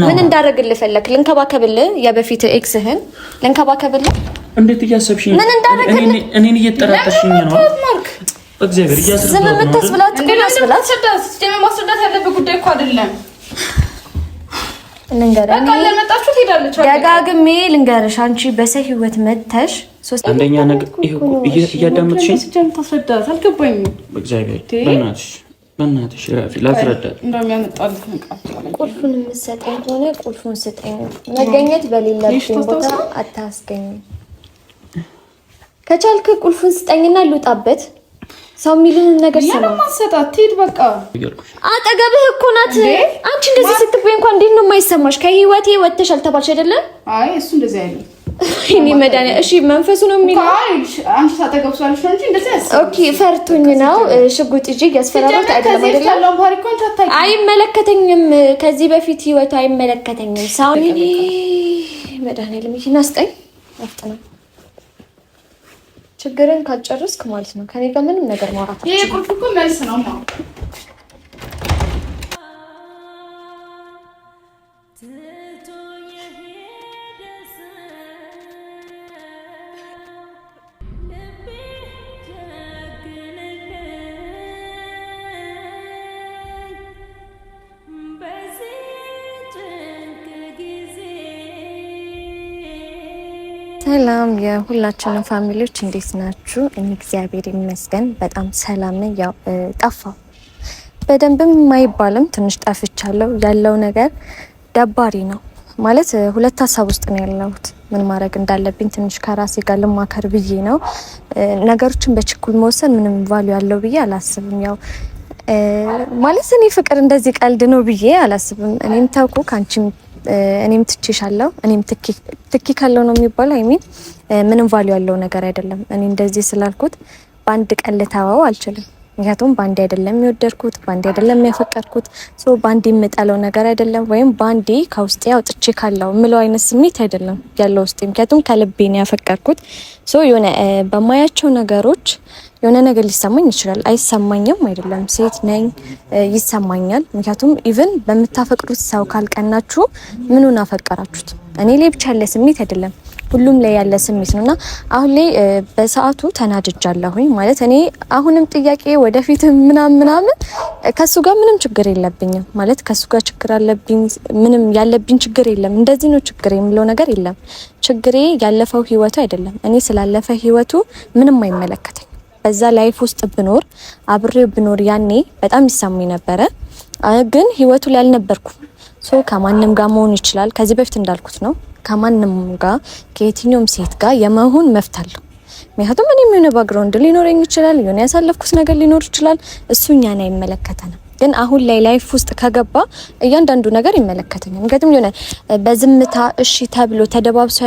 ምን እንዳደረግልህ ፈለክ? ልንከባከብልህ? የበፊት ኤክስህን ልንከባከብልህ? እንዴት እያሰብሽኝ? ምን እንዳደረግልህ? እኔን እየጠራጠርሽኝ ነው። እግዚአብሔር እያስረዳት ዝም የምታስብላት ማስብላት ማስረዳት ያለብህ ጉዳይ እኮ አይደለም። ደጋግሜ ልንገርሽ፣ አንቺ በሰው ህይወት መተሽ አንደኛ ነገር እያዳመጥሽኝ በእናትሽ ራፊ ላስረዳት። ቁልፉን የምትሰጠኝ ሆነ ቁልፉን ስጠኝ። መገኘት በሌለብኝ ቦታ አታስገኝም። ከቻልክ ቁልፉን ስጠኝና ልውጣበት። ሰው የሚልህን ነገር ሰማ። በቃ አጠገብህ እኮ ናት። አንቺ እንደዚህ ስትበይ እንኳን እንዴት ነው የማይሰማሽ? ከህይወቴ አይደለም? አይ እሱ እንደዚህ አይደለም እኔ መድኃኒዓለም እሺ፣ መንፈሱ ነው የሚለው እንደዚህ ኦኬ፣ ፈርቶኝ ነው ሽጉጥ ይዤ ያስፈራራት አይመለከተኝም፣ ከዚህ በፊት ህይወቱ አይመለከተኝም። ሳው እኔ መድኃኒዓለም ይሄን አስጠኝ ችግርን ካልጨርስክ ማለት ነው ከኔ ጋር ምንም ነገር ማውራት ይሄ መልስ ነው ማለት ሰላም የሁላችንም ፋሚሊዎች እንዴት ናችሁ? እኔ እግዚአብሔር ይመስገን በጣም ሰላም ነኝ። ያው ጠፋው በደንብም የማይባልም ትንሽ ጠፍቻለሁ። ያለው ነገር ደባሪ ነው ማለት ሁለት ሀሳብ ውስጥ ነው ያለሁት። ምን ማድረግ እንዳለብኝ ትንሽ ከራሴ ጋር ልማከር ብዬ ነው። ነገሮችን በችኩል መወሰን ምንም ቫሉ ያለው ብዬ አላስብም። ያው ማለት እኔ ፍቅር እንደዚህ ቀልድ ነው ብዬ አላስብም። እኔም ተውኩ ከአንቺም እኔም ትቼሻለሁ፣ እኔም ትኪ ካለው ነው የሚባለው። አይሚን ምንም ቫሊዩ ያለው ነገር አይደለም። እኔ እንደዚህ ስላልኩት በአንድ ቀን ልተወው አልችልም። ምክንያቱም በአንዴ አይደለም የወደድኩት፣ በአንዴ አይደለም ያፈቀድኩት፣ በአንድ የምጠለው ነገር አይደለም። ወይም በአንዴ ከውስጤ አውጥቼ ካለው የምለው አይነት ስሜት አይደለም ያለው ውስጤ። ምክንያቱም ከልቤ ነው ያፈቀድኩት። የሆነ በማያቸው ነገሮች የሆነ ነገር ሊሰማኝ ይችላል። አይሰማኝም አይደለም፣ ሴት ነኝ ይሰማኛል። ምክንያቱም ኢቭን በምታፈቅዱት ሰው ካልቀናችሁ ምኑን አፈቀራችሁት? እኔ ላይ ብቻ ያለ ስሜት አይደለም፣ ሁሉም ላይ ያለ ስሜት ነው እና አሁን ላይ በሰዓቱ ተናድጃለሁኝ ማለት እኔ አሁንም ጥያቄ ወደፊት ምናምን ምናምን ከሱ ጋር ምንም ችግር የለብኝም ማለት ከሱ ጋር ችግር አለብኝ ምንም ያለብኝ ችግር የለም። እንደዚህ ነው ችግር የምለው ነገር የለም። ችግሬ ያለፈው ህይወቱ አይደለም። እኔ ስላለፈ ህይወቱ ምንም አይመለከተኝ በዛ ላይፍ ውስጥ ብኖር አብሬው ብኖር ያኔ በጣም ይሰማኝ ነበረ። ግን ህይወቱ ላይ አልነበርኩም። ሶ ከማንም ጋር መሆን ይችላል። ከዚህ በፊት እንዳልኩት ነው። ከማንም ጋር ከየትኛውም ሴት ጋር የመሆን መፍት አለው። ምክንያቱም እኔም የሆነ ባግራውንድ ሊኖረኝ ይችላል፣ የሆነ ያሳለፍኩት ነገር ሊኖር ይችላል። እሱ እኛን አይመለከተንም። ግን አሁን ላይ ላይፍ ውስጥ ከገባ እያንዳንዱ ነገር ይመለከተኛል። ምክንያቱም የሆነ በዝምታ እሺ ተብሎ ተደባብሶ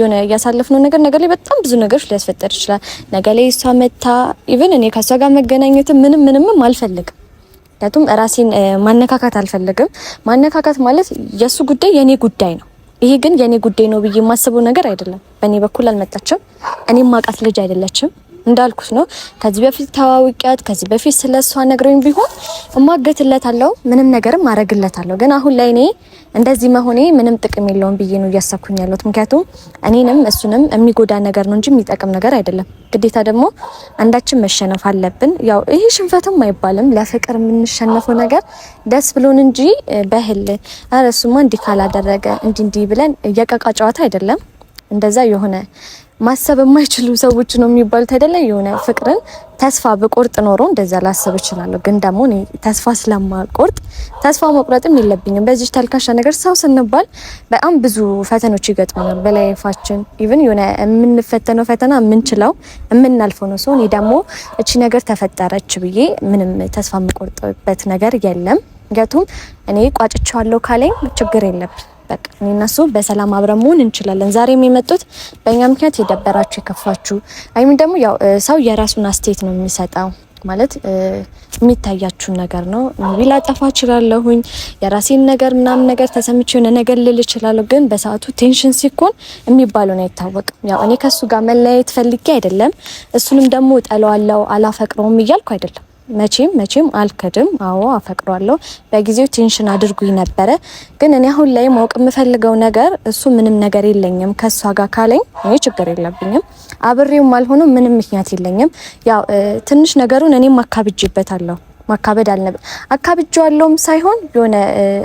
የሆነ ያሳለፍነው ነገር ነገር ላይ በጣም ብዙ ነገሮች ሊያስፈጠር ይችላል። ነገ ላይ እሷ መታ ኢቨን እኔ ከእሷ ጋር መገናኘትም ምንም ምንምም አልፈልግም። ምክንያቱም ራሴን ማነካካት አልፈልግም። ማነካካት ማለት የእሱ ጉዳይ የእኔ ጉዳይ ነው። ይሄ ግን የእኔ ጉዳይ ነው ብዬ የማስበው ነገር አይደለም። በእኔ በኩል አልመጣችም። እኔም ማቃት ልጅ አይደለችም እንዳልኩት ነው። ከዚህ በፊት ተዋውቂያት ከዚህ በፊት ስለ እሷ ነግረኝ ቢሆን እማገትለታለሁ፣ ምንም ነገርም አረግለታለሁ። ግን አሁን ላይ እኔ እንደዚህ መሆኔ ምንም ጥቅም የለውም ብዬ ነው እያሰብኩኝ ያለሁት። ምክንያቱም እኔንም እሱንም የሚጎዳ ነገር ነው እንጂ የሚጠቅም ነገር አይደለም። ግዴታ ደግሞ አንዳችን መሸነፍ አለብን። ያው ይሄ ሽንፈትም አይባልም። ለፍቅር የምንሸነፈው ነገር ደስ ብሎን እንጂ በህል ኧረ እሱማ እንዲህ ካላደረገ እንዲህ እንዲህ ብለን የቀቃ ጨዋታ አይደለም። እንደዛ የሆነ ማሰብ የማይችሉ ሰዎች ነው የሚባሉት አይደለ? የሆነ ፍቅርን ተስፋ ብቆርጥ ኖሮ እንደዛ ላስብ እችላለሁ። ግን ደግሞ እኔ ተስፋ ስለማቆርጥ ተስፋ መቁረጥም የለብኝም። በዚህ ተልካሻ ነገር ሰው ስንባል በጣም ብዙ ፈተኖች ይገጥሙናል በላይፋችን። ኢቭን የሆነ የምንፈተነው ፈተና የምንችለው የምናልፈው ነው። እኔ ደግሞ እቺ ነገር ተፈጠረች ብዬ ምንም ተስፋ የምቆርጥበት ነገር የለም። ምክንያቱም እኔ ቋጭቼዋለሁ ካለኝ ችግር የለብኝ በቃ እኔ እነሱ በሰላም አብረን መሆን እንችላለን። ዛሬም የመጡት በእኛ ምክንያት የደበራችሁ የከፋችሁ፣ አይሚን ደግሞ ያው ሰው የራሱን አስተያየት ነው የሚሰጠው ማለት የሚታያችሁን ነገር ነው። ቢ ላጠፋ እችላለሁኝ የራሴን ነገር ምናምን ነገር ተሰምቼ የሆነ ነገር ልል እችላለሁ። ግን በሰዓቱ ቴንሽን ሲኮን የሚባለው ነው አይታወቅም። ያው እኔ ከሱ ጋር መለያየት ፈልጌ አይደለም፣ እሱንም ደግሞ እጠለዋለሁ አላፈቅረውም እያልኩ አይደለም መቼም መቼም አልከድም። አዎ አፈቅሯለሁ። በጊዜው ቴንሽን አድርጉኝ ነበረ፣ ግን እኔ አሁን ላይ ማወቅ የምፈልገው ነገር እሱ ምንም ነገር የለኝም ከሷ ጋር ካለኝ እኔ ችግር የለብኝም። አብሬውም አልሆነው ምንም ምክንያት የለኝም። ያው ትንሽ ነገሩን እኔም አካብጅበታለሁ። ማካበድ አልነበረ አካብጅዋለሁም ሳይሆን የሆነ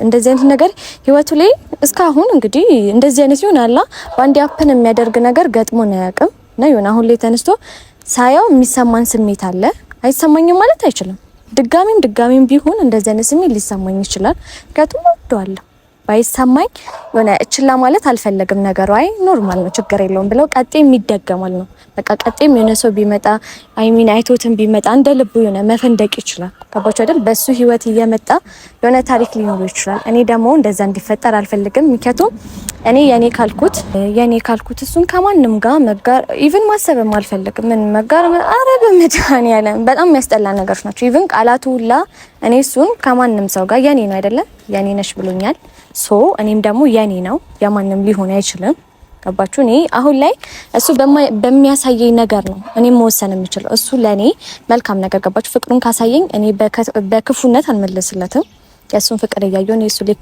እንደዚህ አይነት ነገር ህይወቱ ላይ እስካሁን እንግዲህ እንደዚህ አይነት ይሆን አላ በአንድ ያፕን የሚያደርግ ነገር ገጥሞን አያውቅም። እና የሆነ አሁን ላይ ተነስቶ ሳያው የሚሰማን ስሜት አለ አይሰማኝም ማለት አይችልም። ድጋሚም ድጋሚም ቢሆን እንደዚህ አይነት ስሜት ሊሰማኝ ይችላል። ምክንያቱም ወደዋለሁ። ባይሰማኝ የሆነ እችላ ማለት አልፈለግም። ነገሩ አይ ኖርማል ነው ችግር የለውም ብለው ቀጤም ይደገማል ነው በቃ ቀጤም የሆነ ሰው ቢመጣ አይሚን አይቶትን ቢመጣ እንደ ልቡ የሆነ መፈንደቅ ይችላል። ገባችሁ አይደል? በሱ ህይወት እየመጣ የሆነ ታሪክ ሊኖሩ ይችላል። እኔ ደግሞ እንደዛ እንዲፈጠር አልፈልግም። ምክንያቱም እኔ የኔ ካልኩት የኔ ካልኩት እሱን ከማንም ጋር መጋር ኢቭን ማሰብም አልፈልግም። ምን መጋር አረ በመድኃኒዓለም በጣም የሚያስጠላ ነገሮች ናቸው። ኢቭን ቃላቱ ሁላ እኔ እሱን ከማንም ሰው ጋር የኔ ነው አይደለም የኔ ነሽ ብሎኛል ሶ እኔም ደግሞ የኔ ነው የማንም ሊሆን አይችልም። ገባችሁ? እኔ አሁን ላይ እሱ በሚያሳየኝ ነገር ነው እኔ መወሰን የምችለው። እሱ ለኔ መልካም ነገር ገባችሁ? ፍቅሩን ካሳየኝ እኔ በክፉነት አልመለስለትም። የእሱን ፍቅር እያየሁ እኔ እሱ ላይ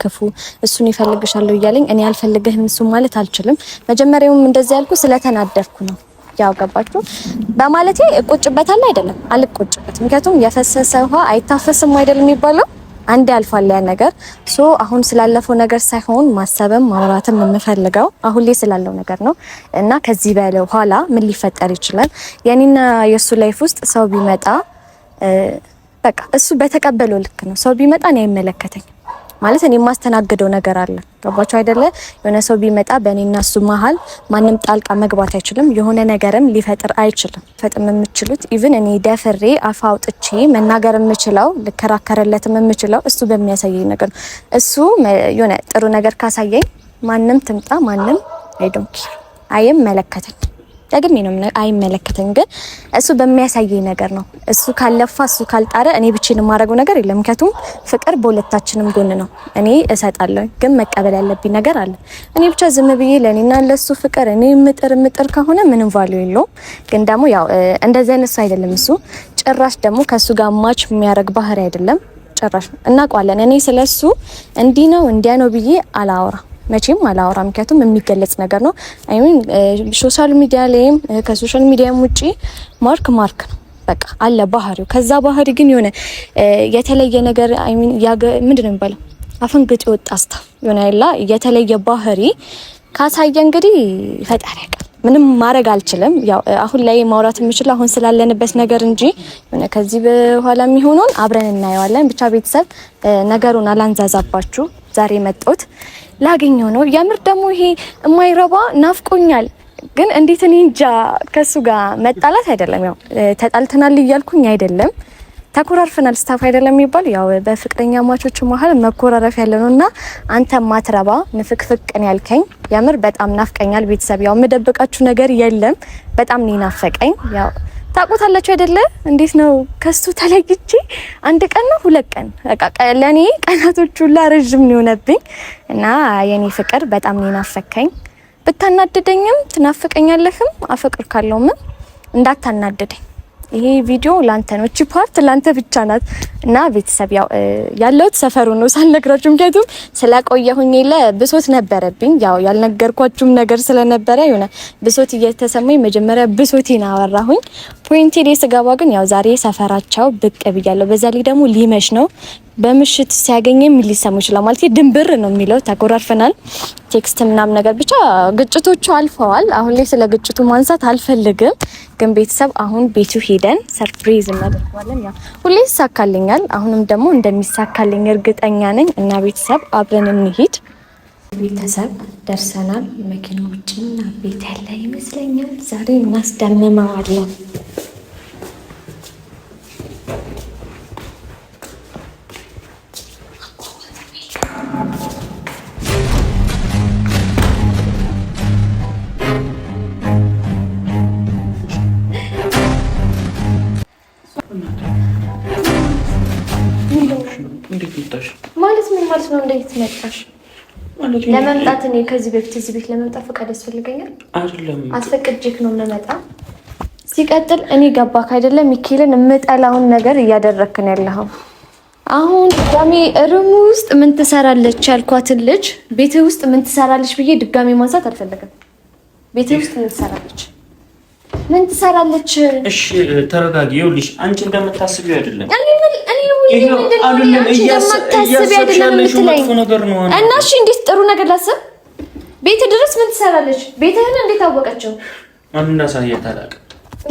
እሱን ይፈልግሻለሁ እያለኝ እኔ አልፈልግህም እሱ ማለት አልችልም። መጀመሪያውም እንደዚህ ያልኩ ስለተናደድኩ ነው። ያው ገባችሁ? በማለቴ እቆጭበታለሁ አይደለም፣ አልቆጭበትም። ምክንያቱም የፈሰሰ ውሃ አይታፈስም አይደለም የሚባለው አንድ ያልፋል ያ ነገር። ሶ አሁን ስላለፈው ነገር ሳይሆን ማሰብም ማውራትም የምፈልገው አሁን ላይ ስላለው ነገር ነው እና ከዚህ በኋላ ምን ሊፈጠር ይችላል የኔና የእሱ ላይፍ ውስጥ ሰው ቢመጣ በቃ እሱ በተቀበለው ልክ ነው። ሰው ቢመጣ እኔ አይመለከተኝ ማለት እኔ የማስተናግደው ነገር አለ። ገባችሁ አይደለ? የሆነ ሰው ቢመጣ በእኔና እሱ መሀል ማንም ጣልቃ መግባት አይችልም። የሆነ ነገርም ሊፈጥር አይችልም። ፈጥም የምችሉት ኢቭን እኔ ደፍሬ አፍ አውጥቼ መናገር የምችለው ልከራከርለትም የምችለው እሱ በሚያሳየኝ ነገር ነው። እሱ የሆነ ጥሩ ነገር ካሳየኝ ማንም ትምጣ ማንም አይዶንኪ አይም መለከተኝ ደግሜ ነው አይመለከተኝ፣ ግን እሱ በሚያሳየኝ ነገር ነው። እሱ ካልለፋ፣ እሱ ካልጣረ እኔ ብቻዬን የማደርገው ነገር የለም። ምክንያቱም ፍቅር በሁለታችንም ጎን ነው። እኔ እሰጣለሁ፣ ግን መቀበል ያለብኝ ነገር አለ። እኔ ብቻ ዝም ብዬ ለእኔና ለሱ ፍቅር እኔ ምጥር ምጥር ከሆነ ምንም ቫልዩ የለውም። ግን ደግሞ ያው እንደዚህ አይነት ሰው አይደለም እሱ። ጭራሽ ደግሞ ከሱ ጋር ማች የሚያደርግ ባህሪ አይደለም ጭራሽ። እናውቀዋለን። እኔ ስለሱ እንዲህ ነው እንዲያ ነው ብዬ አላወራ መቼም አላወራ፣ ምክንያቱም የሚገለጽ ነገር ነው። አይሚን ሶሻል ሚዲያ ላይም ከሶሻል ሚዲያም ውጪ ማርክ ማርክ ነው በቃ አለ ባህሪው። ከዛ ባህሪ ግን የሆነ የተለየ ነገር አይሚን ምንድን ነው የሚባለው አፈንግጥ የወጣ ስታ የሆነ ያላ የተለየ ባህሪ ካሳየ እንግዲህ ፈጣሪ ያውቃል። ምንም ማድረግ አልችልም። ያው አሁን ላይ ማውራት የምችል አሁን ስላለንበት ነገር እንጂ ከዚህ በኋላ የሚሆነውን አብረን እናየዋለን። ብቻ ቤተሰብ ነገሩን አላንዛዛባችሁ። ዛሬ መጣሁት ላገኘው ነው። የምር ደግሞ ይሄ የማይረባ ናፍቆኛል። ግን እንዴት እኔ እንጃ። ከሱ ጋር መጣላት አይደለም ያው ተጣልተናል እያልኩኝ አይደለም ተኮራርፈናል ስታፍ አይደለም የሚባል ያው በፍቅረኛ ማቾች መሀል መኮራረፍ ያለ ነው። እና አንተ ማትረባ ንፍቅፍቅን ያልከኝ የምር በጣም ናፍቀኛል። ቤተሰብ ያው የምደብቃችሁ ነገር የለም። በጣም ነው ናፈቀኝ ያው ታውቁታላችሁ አይደለ? እንዴት ነው ከሱ ተለይቼ አንድ ቀን ነው ሁለት ቀን በቃ ለኔ ቀናቶቹ ሁላ ረጅም ነው የሆነብኝ እና የኔ ፍቅር በጣም ነው ናፈከኝ። ብታናደደኝም ትናፍቀኛለህም አፈቅር ካለውም እንዳታናደደኝ ይሄ ቪዲዮ ላንተ ነው። እቺ ፓርት ላንተ ብቻ ናት እና ቤተሰብ ያው ያለሁት ሰፈሩ ነው ሳልነግራችሁ፣ ምክንያቱም ስለቆየሁኝ የለ ብሶት ነበረብኝ። ያው ያልነገርኳችሁም ነገር ስለነበረ የሆነ ብሶት እየተሰማኝ መጀመሪያ ብሶቴን አወራሁኝ። ፖይንቴ ላይ ስገባ ግን ያው ዛሬ ሰፈራቸው ብቅ ብያለሁ። በዛ ላይ ደግሞ ሊመሽ ነው በምሽት ሲያገኘ ምን ሊሰማው ይችላል ማለት ድንብር ነው የሚለው። ተጎራርፈናል፣ ቴክስት ምናምን ነገር ብቻ ግጭቶቹ አልፈዋል። አሁን ላይ ስለ ግጭቱ ማንሳት አልፈልግም፣ ግን ቤተሰብ አሁን ቤቱ ሄደን ሰርፕሪዝ እናደርገዋለን። ያው ሁሌ ይሳካልኛል፣ አሁንም ደግሞ እንደሚሳካልኝ እርግጠኛ ነኝ እና ቤተሰብ አብረን እንሂድ። ቤተሰብ ደርሰናል። መኪናዎችና ቤት ያለ ይመስለኛል። ዛሬ እናስደምመዋለን። መጣሽ ለመምጣት እኔ ከዚህ በፊት እዚህ ቤት ለመምጣት ፈቃድ ያስፈልገኛል? አይደለም አስፈቅጄክ ነው የምመጣ። ሲቀጥል እኔ ገባክ አይደለም? ሚካኤልን የምጠላውን ነገር እያደረክን ያለኸው አሁን ድጋሜ እርም ውስጥ ምን ትሰራለች ያልኳትን ልጅ ቤት ውስጥ ምን ትሰራለች ብዬ ድጋሜ ማንሳት አልፈለግም። ቤት ውስጥ ምን ትሰራለች ምን ትሰራለች? እሺ ተረጋጊ። ይኸውልሽ አንቺ እንደምታስቢው አይደለም እና እሺ፣ እንዴት ጥሩ ነገር ላስብ? ቤት ድረስ ምን ትሰራለች? ቤትህን እንዴት አወቀችው? እንዳሳያት አላውቅም።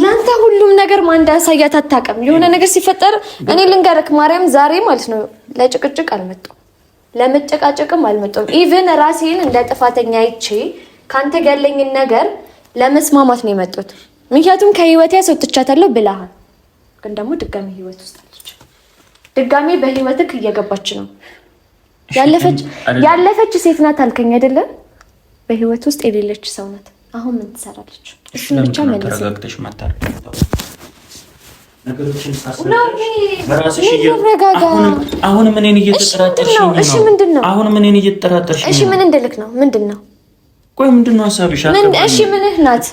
ለአንተ ሁሉም ነገር ማን እንዳሳያት አታውቅም። የሆነ ነገር ሲፈጠር እኔ ልንገርክ ማርያም፣ ዛሬ ማለት ነው ለጭቅጭቅ አልመጡም፣ ለመጨቃጨቅም አልመጡም። ኢቭን ራሴን እንደ ጥፋተኛ አይቼ ከአንተ ጋር ያለኝን ነገር ለመስማማት ነው የመጡት። ምክንያቱም ከህይወቴ ያስወጥቻታለሁ ብለሃል፣ ግን ደግሞ ድጋሚ ህይወት ውስጥ ድጋሜ በህይወትክ እየገባች ነው። ያለፈች ሴት ናት አልከኝ አይደለም? በህይወት ውስጥ የሌለች ሰው ናት። አሁን ምን ትሰራለች? እሱን ብቻ ፍቅረኛ አሁንም እኔን እየተጠራጠርሽ ምንድን ነው? እየተጠራጠርሽ እሺ ምን እንድልክ ነው? ምንድን ነው? ቆይ ምንድን ነው ሀሳብሽ? እሺ ምንህ ናት?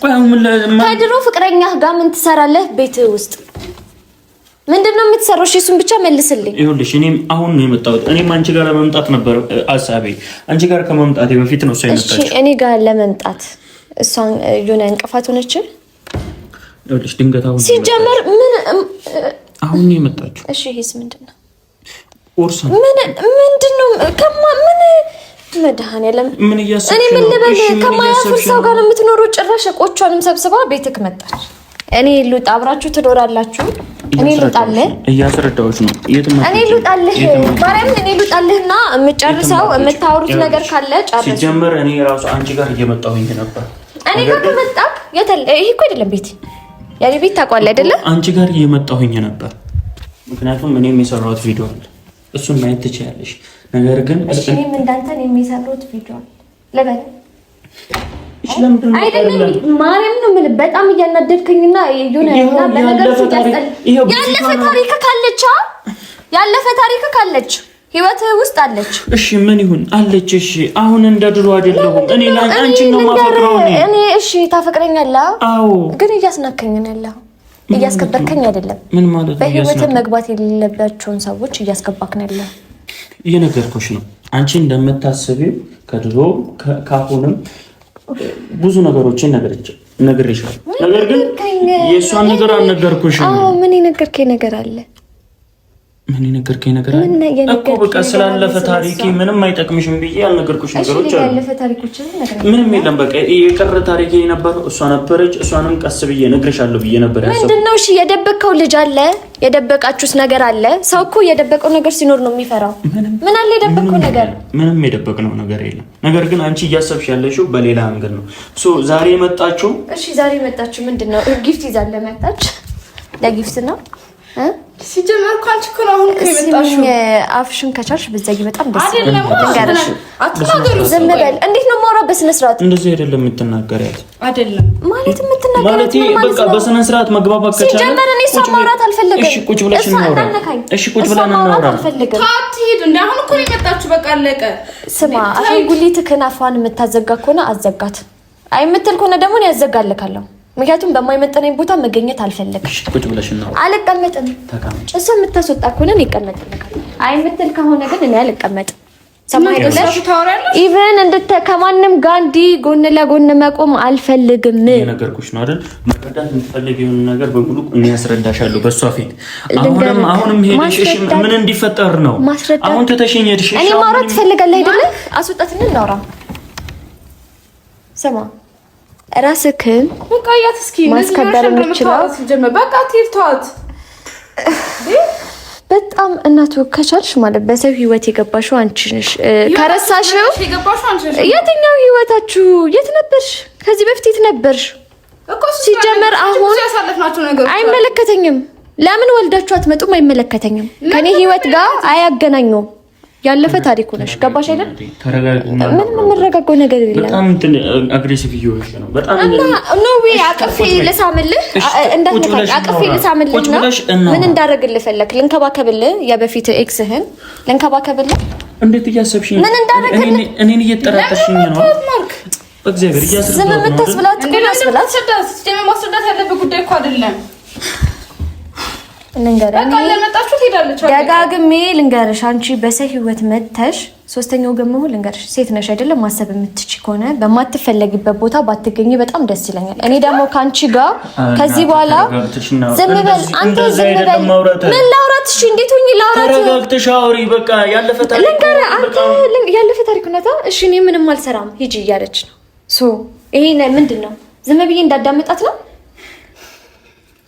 ከድሮ ፍቅረኛህ ጋር ምን ትሰራለህ ቤት ውስጥ? ምንድን ነው የምትሰራው? እሺ እሱን ብቻ መልስልኝ። ይኸውልሽ እኔም አሁን ነው የመጣሁት። እኔም አንቺ ጋር ለመምጣት ነበር አሳቤ። አንቺ ጋር ከመምጣቴ በፊት ነው እሷ የመጣችው። እሺ እኔ ጋር ለመምጣት እሷን የሆነ እንቅፋት ሆነችን። ይኸውልሽ ድንገት አሁን ሲጀመር ምን አሁን ነው የመጣችው። እሺ ይሄስ ምንድን ነው? ቁርስ ምን ምንድን ነው ከማ ምን መድኃኔዓለም ምን እያሰብሽ እኔ ምን ልበል? ከማያፍር ሰው ጋር የምትኖሩ ጭራሽ ቆቿንም ሰብስባ ቤትክ መጣች። እኔ ልውጣ፣ አብራችሁ ትኖራላችሁ እኔ ልውጣልህ እያስረዳሁሽ ነው። እኔ ልውጣልህ ማርያምን፣ እኔ ልውጣልህና የምጨርሰው የምታወሩት ነገር ካለ ጨርሰው። ሲጀመር እኔ ራሱ አንቺ ጋር እየመጣሁኝ ነበር። እኔ ጋር ከመጣ ይሄ እኮ አይደለም ቤት፣ ያኔ ቤት ታውቀዋለህ አይደለም? አንቺ ጋር እየመጣሁኝ ነበር፣ ምክንያቱም እኔም የሰራሁት ቪዲዮ አለ፣ እሱን ማየት ትችያለሽ። ነገር ግን እኔም እንዳንተን የሚሰሩት ቪዲዮ አለ አይደለም ማርያም ነው የምልህ። በጣም እያናደድከኝና የሆነ ያለፈ ታሪክ ካለች ያለፈ ታሪክ ካለች ህይወት ውስጥ አለች። እሺ ምን ይሁን አለች። እሺ አሁን እንደ ድሮ አይደለሁም እኔ አንቺን ነው የማፈቅረው እኔ። እሺ ታፈቅረኛለህ? አዎ። ግን እያስናከኝ ነው ያለኸው እያስከበርከኝ አይደለም። ምን ማለት ነው? በህይወት መግባት የሌለባቸውን ሰዎች እያስገባክ ነው ያለኸው። እየነገርኩሽ ነው አንቺ እንደምታስቢው ከድሮ ከአሁንም ብዙ ነገሮችን ነግሬሻለሁ። ነገር ግን የእሷን ነገር አልነገርኩሽም። ምን የነገርከኝ ነገር አለ? ምን የነገርከኝ ነገር እኮ በቃ ስላለፈ ታሪኬ ምንም አይጠቅምሽም ብዬ ያልነገርኩሽ ነገሮች አሉ። ምንም የለም። በቃ የቀረ ታሪኬ የነበረው እሷ ነበረች። እሷንም ቀስ ብዬ እነግርሻለሁ ብዬ ነበር። ምንድን ነው እሺ? የደበቅከው ልጅ አለ፣ የደበቃችሁት ነገር አለ። ሰው እኮ የደበቀው ነገር ሲኖር ነው የሚፈራው። ምን አለ የደበቀው ነገር? ምንም የደበቅነው ነገር የለም። ነገር ግን አንቺ እያሰብሽ ያለሽው በሌላ አንግል ነው። ዛሬ መጣችሁ። እሺ ዛሬ መጣችሁ። ምንድን ነው ጊፍት ይዛለ መጣች። ለጊፍት ነው ሲጀመር አንቺ እኮ ነው አሁን እኮ አፍሽን ከቻልሽ ብትዘጊ በጣም ደስ ይላል። ዝም በል። እንዴት ነው የማወራው? በስነ ስርዓት እንደዚህ አይደለም የምትናገሪያት። አይደለም ማለት የምትናገሪያት በቃ በስነ ስርዓት መግባባት ከቻለ ሲጀመር እኔ እሷ ማውራት አልፈለገም። እሺ ቁጭ ብለሽ እናውራ። እሺ ቁጭ ብለን እናውራ። ታትሂድ እንደ አሁን እኮ ነው የመጣችሁ። በቃ አለቀ። ስማ አሁን አሻንጉሊት ከናፋን የምታዘጋ ከሆነ አዘጋት። አይ የምትል ከሆነ ደግሞ እኔ ያዘጋልካለሁ ምክንያቱም በማይመጠነኝ ቦታ መገኘት አልፈለግም። ቁጭ ብለሽ ነው። አልቀመጥም። እሱ የምታስወጣ ከሆነ ይቀመጥ። አይ የምትል ከሆነ ግን እኔ አልቀመጥም። ኢቨን እንድተ ከማንም ጋር እንዲህ ጎን ለጎን መቆም አልፈልግም። ነገርኩሽ ነው አይደል? መረዳት የምትፈልጊውን ነገር በሙሉ እኔ ያስረዳሻለሁ በእሷ ፊት። አሁንም አሁንም ሄደሽ ምን እንዲፈጠር ነው አሁን ትተሽኝ ሄድሽ። እኔ ማውራት ትፈልጋለህ አይደለ? አስወጣትና እናውራ። ስማ ራስክን እስኪ ማስከበር የምችለው በጣም እናቱ ከቻልሽ ማለት በሰው ህይወት የገባሽው አንቺ ነሽ። ከረሳሽው የትኛው ህይወታችሁ የት ነበርሽ? ከዚህ በፊት የት ነበርሽ? ሲጀመር አሁን አይመለከተኝም። ለምን ወልዳችሁ አትመጡም? አይመለከተኝም። ከኔ ህይወት ጋር አያገናኙም። ያለፈ ታሪክ ነሽ። ገባሽ አይደል? ምንም የምንረጋጋው ነገር የለም። በጣም እንትን አግሬሲቭ እየሆንሽ ነው። በጣም አቅፌ ልሳምልህ እንዳትነካኝ፣ አቅፌ ልሳምልህ እና ምን እንዳደረግልህ ፈለክ? ልንከባከብልህ፣ የበፊት ኤክስህን ልንከባከብልህ። እንዴት እያሰብሽኝ? ምን እንዳደረግልህ እኔን እየጠራጠርሽኝ ነው። በእግዚአብሔር እያስብላት ብላት ማስረዳት ያለብህ ጉዳይ እኮ አይደለም ደጋግሜ ልንገርሽ፣ አንቺ በሰው ህይወት መጥተሽ ሶስተኛው ወገን መሆን ልንገርሽ፣ ሴት ነሽ አይደለም ማሰብ የምትች ከሆነ በማትፈለግበት ቦታ ባትገኝ በጣም ደስ ይለኛል። እኔ ደግሞ ከአንቺ ጋር ከዚህ በኋላ ዝም በል አንተ፣ ዝም በል ምን ላውራት? እሺ፣ እንዴት ላውራት? ተረጋግተሽ አውሪ። በቃ ያለፈ ታሪክ ያለፈ ታሪክ እሺ፣ እኔ ምንም አልሰራም ሂጂ እያለች ነው። ይሄ ምንድን ነው? ዝም ብዬ እንዳዳመጣት ነው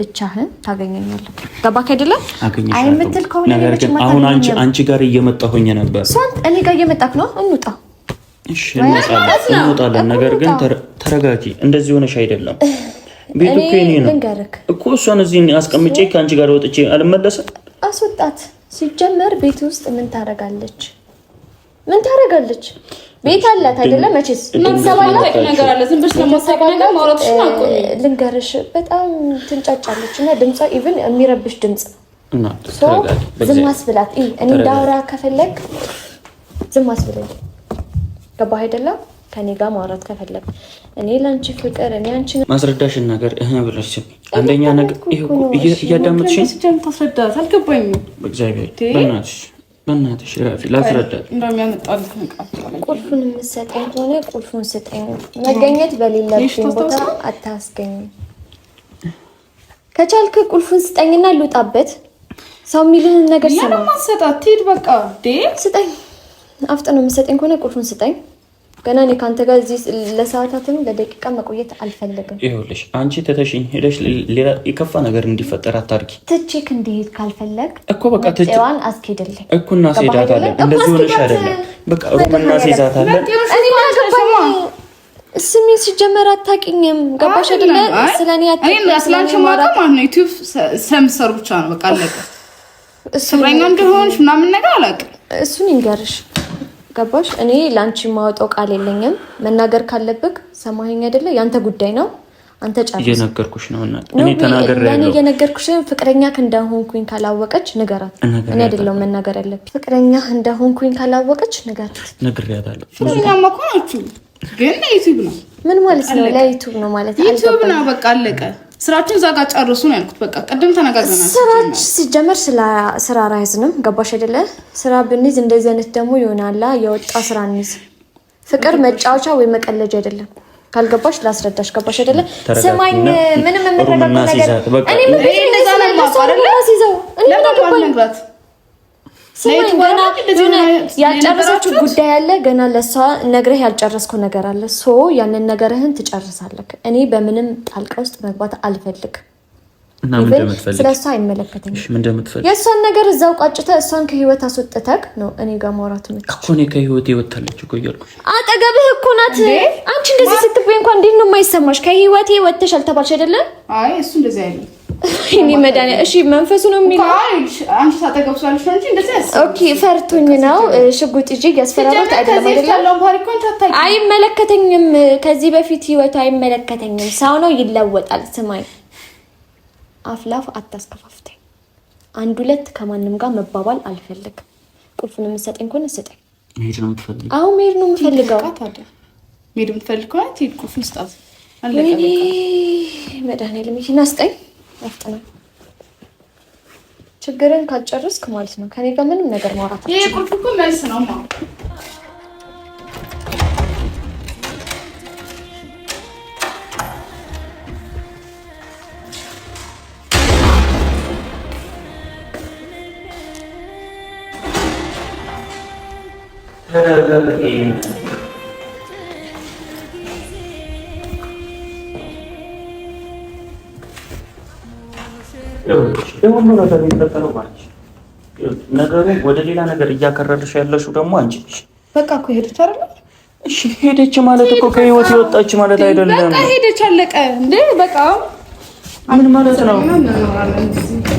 ብቻህን ታገኘኛለህ። ገባክ አይደለም? አይምትል ከሆነ አሁን አንቺ ጋር እየመጣሁኝ ነበር። እኔ ጋር እየመጣክ ነው። እንውጣ፣ እንውጣለን። ነገር ግን ተረጋጊ። እንደዚህ ሆነሽ አይደለም። ቤቱ እኮ የእኔ ነው እኮ። እሷን እዚህ አስቀምጬ ከአንቺ ጋር ወጥቼ አልመለስም። አስወጣት። ሲጀመር ቤት ውስጥ ምን ታደርጋለች? ምን ታደርጋለች? ቤት አላት አይደለ? መቼስ ማሰባላት ነገር አለ። ዝም ብለሽ ልንገርሽ፣ በጣም ትንጫጫለች እና ድምጿ ኢቭን የሚረብሽ ድምፅ ዝም አስብላት። እኔ እንዳውራ ከፈለግ ዝም አስብላት። ገባህ አይደለም? ከኔ ጋር ማውራት ከፈለግ እኔ ለአንቺ ፍቅር እኔ አንቺ ማስረዳሽን ነገር እህ ብለሽ ስሚ። አንደኛ ነገር እያዳመጥሽ ታስረዳት አልገባኝም። እግዚአብሔር በእናትሽ በእናትሽ ረፊ ላስረዳት። ቁልፉን የምትሰጠኝ ከሆነ ቁልፉን ስጠኝ። መገኘት በሌለብኝ ቦታ አታስገኝም። ከቻልክ ቁልፉን ስጠኝና ልውጣበት። ሰው የሚልህን ነገር ስማ። ስጠኝ፣ አፍጥነው የምትሰጠኝ ከሆነ ቁልፉን ስጠኝ። ገና እኔ ከአንተ ጋር እዚህ ለሰዓታትም ለደቂቃ መቆየት አልፈለግም። ይኸውልሽ አንቺ ትተሽኝ ሄደሽ ሌላ የከፋ ነገር እንዲፈጠር አታርጊ። ትቼክ እንዲሄድ ካልፈለግ እኮ በቃ ትቼዋን አስኬደልኝ እኮ እናስሄዳታለን። እንደዚህ ሆነሽ አይደለም በቃ እኮ እናስሄዳታለን። ስሜ ሲጀመር አታውቂኝም። ገባሽ አይደለ? ስለ እኔ ስላንቺ ማውቃ ማለት ነው ዩቲዩብ ሰምሰር ብቻ ነው በቃ አለቀ። ፍቅረኛ እንደሆንሽ ምናምን ነገር አላውቅም። እሱን ይንገርሽ ገባሽ? እኔ ለአንቺ የማወጣው ቃል የለኝም። መናገር ካለብክ ሰማኸኝ አይደለ? ያንተ ጉዳይ ነው። አንተ ጫ እየነገርኩሽ ነው እየነገርኩሽን ፍቅረኛ እንደሆንኩኝ ካላወቀች ንገራት። እኔ አይደለሁም መናገር ያለብኝ። ፍቅረኛ እንደሆንኩኝ ካላወቀች ንገራት። ነግሬያታለሁ። ፍቅረኛማ እኮ ናችሁ፣ ግን ለዩቱብ ነው። ምን ማለት ነው? ለዩቱብ ነው ማለት ዩቱብ ነው። በቃ አለቀ። ስራችን እዛ ጋር ጨርሱ ነው ያልኩት። በቃ ቅድም ተነጋግረናል። ስራች ሲጀመር ስራ ራይዝንም ገባሽ አይደለ? ስራ ብንይዝ እንደዚህ አይነት ደግሞ ይሆናላ። የወጣ ስራ እንይዝ። ፍቅር መጫወቻ ወይ መቀለጅ አይደለም። ካልገባሽ ላስረዳሽ። ገባሽ አይደለ? ስማኝ፣ ምንም የምንረዳው ነገር እኔ ምን ያልጨረሰችው ጉዳይ አለ። ገና ለሷ ነግረህ ያልጨረስከው ነገር አለ። ሶ ያንን ነገርህን ትጨርሳለህ። እኔ በምንም ጣልቃ ውስጥ መግባት አልፈልግም። ስለ እሷ አይመለከተኝ። የእሷን ነገር እዛው ቋጭተ እሷን ከህይወት አስወጥተህ ነው እኔ ጋር ማውራት እኔ ከህይወት ይወታለች እኮ እያልኩሽ አጠገብህ እኮ ናት። አንቺ እንደዚህ ስትበይ እንኳን እንዴት ነው የማይሰማሽ? ከህይወት ወተሽ አልተባልሽ አይደለም? አይ እሱ እንደዚህ አይደለም። እኔ መድኃኒዓለም እሺ፣ መንፈሱ ነው የሚለው። ኦኬ ፈርቶኝ ነው ሽጉጥ እጅ እያስፈራራት አይደለም። አይመለከተኝም። ከዚህ በፊት ህይወቱ አይመለከተኝም። ሰው ነው ይለወጣል። ስማኝ አፍላፍ አታስከፋፍተኝ። አንድ ሁለት ከማንም ጋር መባባል አልፈልግም። ቁልፉን የምትሰጠኝ ከሆነ ስጠኝ። መሄድ ነው አሁን መሄድ ነው የምፈልገው። መሄድ የምትፈልገው ትሄድ። ቁልፉን ስጣት። መድኃኒዓለም ይህን አስጠኝ። አፍጥና ችግርን ካልጨርስክ ማለት ነው ከኔ ጋር ምንም ነገር ማውራት ይሄ ቁልፍ እኮ መልስ ነው። ተረጋጊ። ነገር የሚፈጠረው ባንቺ ነገሩ ወደ ሌላ ነገር እያከረርሽ ያለሽው ደግሞ አንቺ ነሽ። በቃ እኮ ሄደች አይደለ? እሺ ሄደች ማለት እኮ ከህይወት የወጣች ማለት አይደለም። በቃ ሄደች አለቀ እንዴ? በቃ ምን ማለት ነው?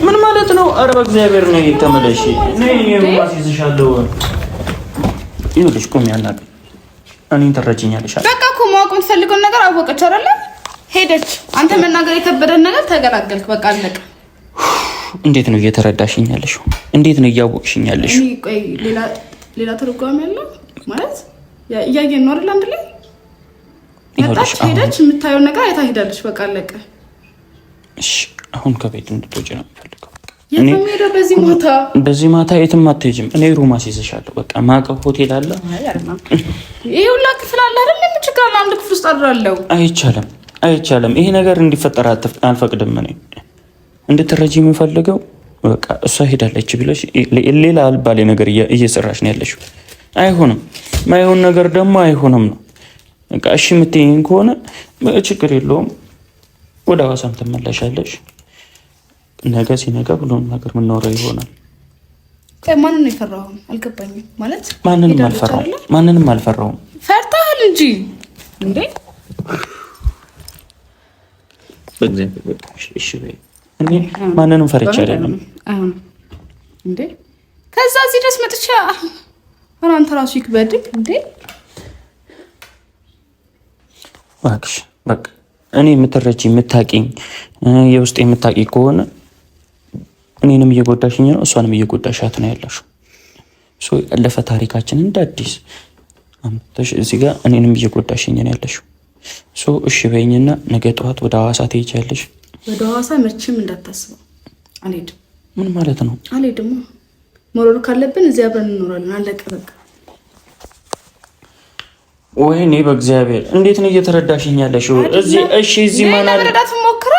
ምን ማለት ነው? ኧረ በእግዚአብሔር ነው ተመለሽ። እኔ የማስይዝሻለሁ ይኸውልሽ ቁሚ፣ አናውቅም እኔን ትረጅኛለሽ። በቃ እኮ ማወቅ የምትፈልገውን ነገር አወቀች አይደለ? ሄደች። አንተ መናገር የከበደን ነገር ተገላገልክ። በቃ አለቀ። እንዴት ነው እየተረዳሽኝ ያለሽው? እንዴት ነው እያወቅሽኝ ያለሽው? ቆይ ሌላ ሌላ ትርጓሜ ያለው ማለት እያየን ነው አይደል? አንድ ላይ መጣች፣ ሄደች። የምታየውን ነገር አይታ ሄዳለች። በቃ አለቀ። እሺ አሁን ከቤት እንድትወጪ ነው የሚፈልገው በዚህ ማታ የትም አትሄጂም። እኔ ሩም አስይዝሻለሁ። በቃ ማቀው ሆቴል አለ። ይሄ ሁላ ክፍል አለ አይደል? ምን ችግር አለ? አንድ ክፍል ውስጥ አድራለሁ። አይቻልም፣ አይቻልም። ይሄ ነገር እንዲፈጠር አልፈቅድም። እኔ እንድትረጂ የምፈልገው በቃ እሷ ሄዳለች ብለሽ ሌላ አልባሌ ነገር እየሰራሽ ነው ያለሽው። አይሆንም። ማይሆን ነገር ደግሞ አይሆንም ነው በቃ። እሺ የምትይኝ ከሆነ ችግር የለውም። ወደ ሐዋሳም ትመለሻለሽ። ነገ ሲነጋ ሁሉም ነገር የምናወራው ይሆናል። ማንን ነው የፈራኸው? አልገባኝም። ማለት ማንንም አልፈራሁም። ማንንም አልፈራሁም። ፈርተሃል እንጂ እንዴ! እኔ ማንንም ፈርቼ አይደለም እንዴ! ከዛ እዚህ ድረስ መጥቼ አንተ ራሱ ይክበድግ እንዴ! እባክሽ በቃ እኔ የምትረጂ የምታቂኝ የውስጥ የምታቂ ከሆነ እኔንም እየጎዳሽኝ ነው፣ እሷንም እየጎዳሻት ነው ያለሽ። ያለፈ ታሪካችን እንደ አዲስ እዚህ ጋር እኔንም እየጎዳሽኝ ነው ያለሽ። እሺ በይኝና ነገ ጠዋት ወደ ሐዋሳ ትሄጃለሽ። ወደ ሐዋሳ መቼም እንዳታስበው አልሄድም። ምን ማለት ነው አልሄድም? መሮር ካለብን እዚህ አብረን እንኖራለን። አለቀ በቃ። ወይኔ በእግዚአብሔር እንዴት ነው እየተረዳሽኝ ያለሽ? እዚህ እሺ፣ እዚህ ማን አለ?